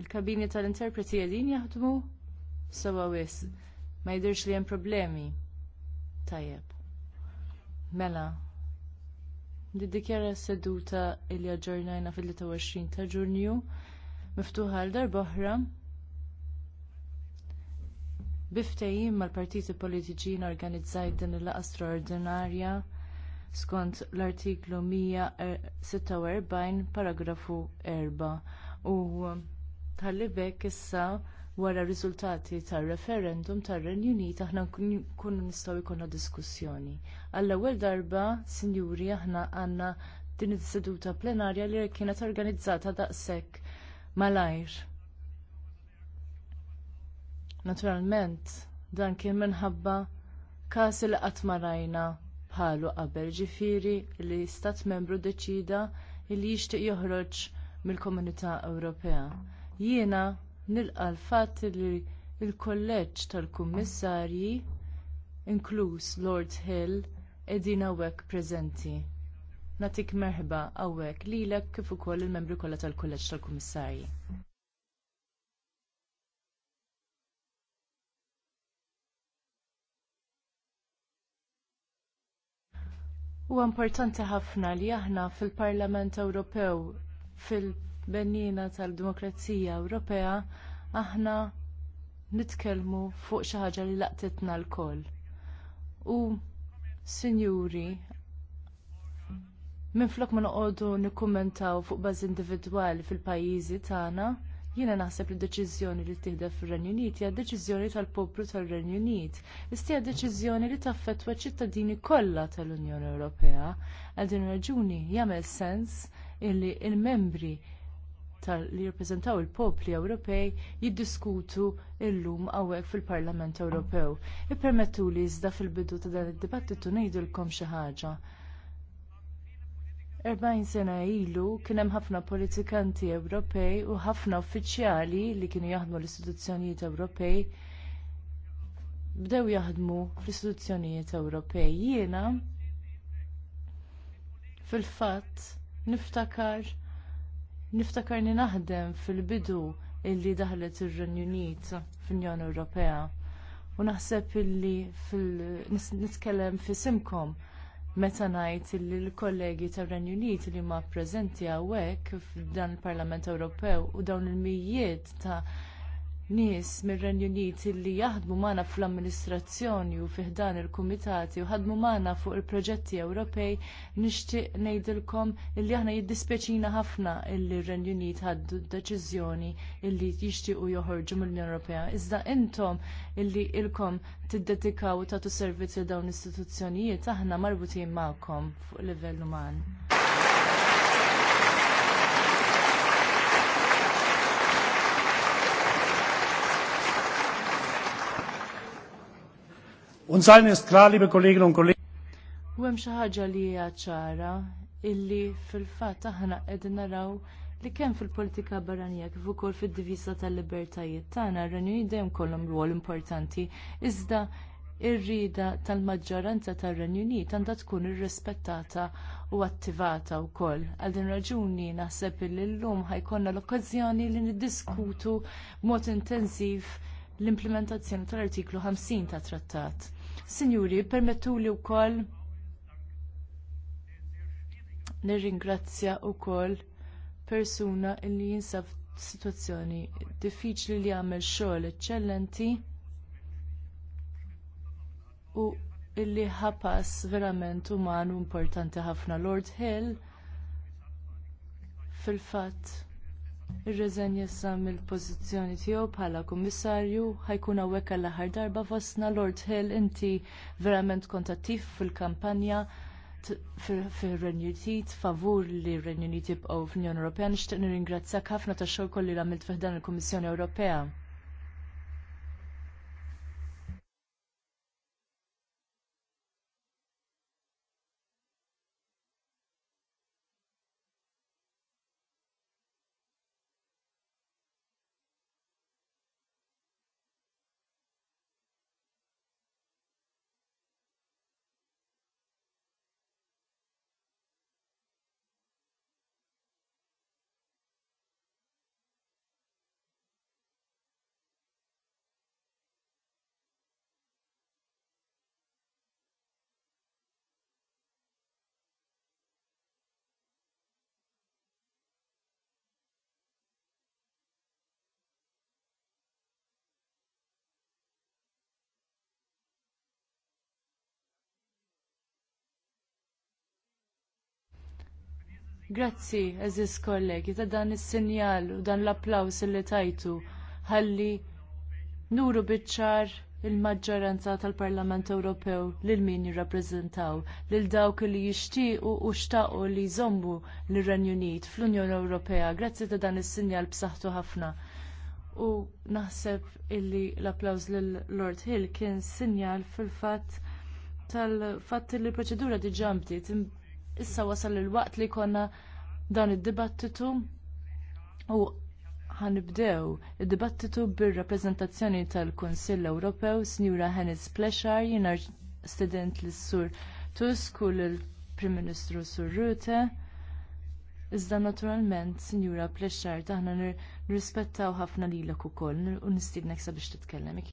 Il-kabini tal-interpreti qegħdin jaħdmu sewa wis. Ma jidhirx li hemm problemi. Tajjeb. Mela. Diddikjara seduta li aġġornajna fil-23 ta' Ġunju miftuħa għal darba oħra Biftehim mal-partiti politiċi norganizzajt din il laqgħa straordinarja skont l-artiklu 146 paragrafu 4 u Tal-libek issa wara r riżultati tar-referendum tar-Renju Unit aħna nkunu nistgħu jkollna diskussjoni. Għall-ewwel darba, sinjuri, aħna għandna din is-seduta plenarja li kienet organizzata daqshekk malajr. Naturalment, dan kien minħabba każ li qatt ma rajna bħalu qabel ġifieri li stat membru deċida li jixtieq joħroġ mill-Komunità Ewropea. Jiena nilqa l-fatt li l-kolleġġ tal-kummissarji inkluż Lord Hill qegħdin hawnhekk preżenti. Nagħtik merħba hawnhekk lilek kif ukoll il-membri kollha tal-kulleġġ tal-kummissarji. Huwa importanti ħafna li aħna fil-Parlament Ewropew fil bennina tal-demokrazija Ewropea aħna nitkellmu fuq xi ħaġa li laqtitna lkoll. U sinjuri, minflok ma noqogħdu nikkummentaw fuq bażi individwali fil-pajjiżi tagħna, jiena naħseb li deċiżjoni li tieħdem fir-Renju Unit hija deċiżjoni tal-poplu tal-Renju Unit. Issa hija deċiżjoni li taffettwa ċ-ċittadini kollha tal-Unjoni Ewropea. Għal din raġuni jagħmel sens illi l-membri il li jirrepreżentaw il-popli Ewropej jiddiskutu llum hawnhekk fil-Parlament Ewropew. Ippermettu li iżda fil-bidu ta' dan id-dibattitu ngħidulkom xi ħaġa. 40 sena ilu kien hemm ħafna politikanti Ewropej u ħafna uffiċjali li kienu jaħdmu l-istituzzjonijiet Ewropej bdew jaħdmu fl-istituzzjonijiet Ewropej. Jiena fil-fatt niftakar Niftakarni naħdem fil-bidu illi daħlet ir-Renju Unit fl-Unjoni Ewropea. U naħseb illi nitkellem fi simkom meta ngħid illi l-kollegi tar-Renju Unit li ma preżenti hawnhekk f'dan il-Parlament Ewropew u dawn il-mijiet ta' nies mir-Renju Unit li jaħdmu magħna fl-amministrazzjoni u fih dan il-kumitati u ħadmu magħna fuq il-proġetti Ewropej nixtieq ngħidilkom illi aħna jiddispjaċina ħafna illi r-Renju Unit ħaddu d-deċiżjoni illi jixtiequ joħorġu mill-Unjoni Ewropea. Iżda intom illi ilkom tiddedikaw u tagħtu servizz għal dawn l-istituzzjonijiet aħna marbutin magħkom fuq livell uman. Uns allen ist klar, liebe Kolleginnen und Kollegen. U hemm xi ħaġa li hija ċara illi fil-fatt aħna qegħdin naraw li kemm fil-politika barranija kif ukoll fid-divisa tal-libertajiet tagħna r-Renju dejjem kollhom rwol importanti iżda ir-rida tal-maġġoranza tar-Renju Unit għandha tkun irrispettata u attivata wkoll. Għal din raġuni naħseb li llum ħajkonna l-okkażjoni li niddiskutu b'mod intensiv l-implementazzjoni tal-artiklu 50 tat trattat. Sinjuri, permettu li wkoll nirringrazzja wkoll persuna li jinsab situazzjoni diffiċli li għamel xogħol eċċellenti u illi ħapas verament uman u importanti ħafna Lord Hill fil-fatt ir-reżenja issa mill-pożizzjoni tiegħu bħala kummissarju ħajkun hawnhekk għall aħħar darba fostna Lord Hill inti verament kontattiv fil-kampanja fir renju Unit favur li r-Renju Unit jibqgħu fl-Unjoni Ewropea nixtieq nirringrazzjak ħafna tax-xogħol li għamilt fih dan il-Kummissjoni Ewropea. Grazzi, eżis kollegi, ta' dan is-sinjal u dan l applaus li tajtu ħalli nuru bitċar il-maġġoranza tal-Parlament Ewropew lil min jirrappreżentaw lil dawk li jixtiequ u xtaqu li jżommu lir-Renju Unit fl-Unjoni Ewropea grazzi ta' dan is-sinjal b'saħħtu ħafna. U naħseb illi l-applaws lil Lord Hill kien sinjal fil-fatt tal fat li l-proċedura diġà bdiet issa wasal il-waqt li konna dan id-dibattitu u ħanibdew id-dibattitu bir-rappreżentazzjoni tal-Kunsill Ewropew Sinjura Hennis Plexar jiena student lis sur Tusk u lill-Prim Ministru Sur Rute. Iżda naturalment, Sinjura Plexar, taħna nirrispettaw ħafna lilek ukoll u nistiednek sabiex titkellem.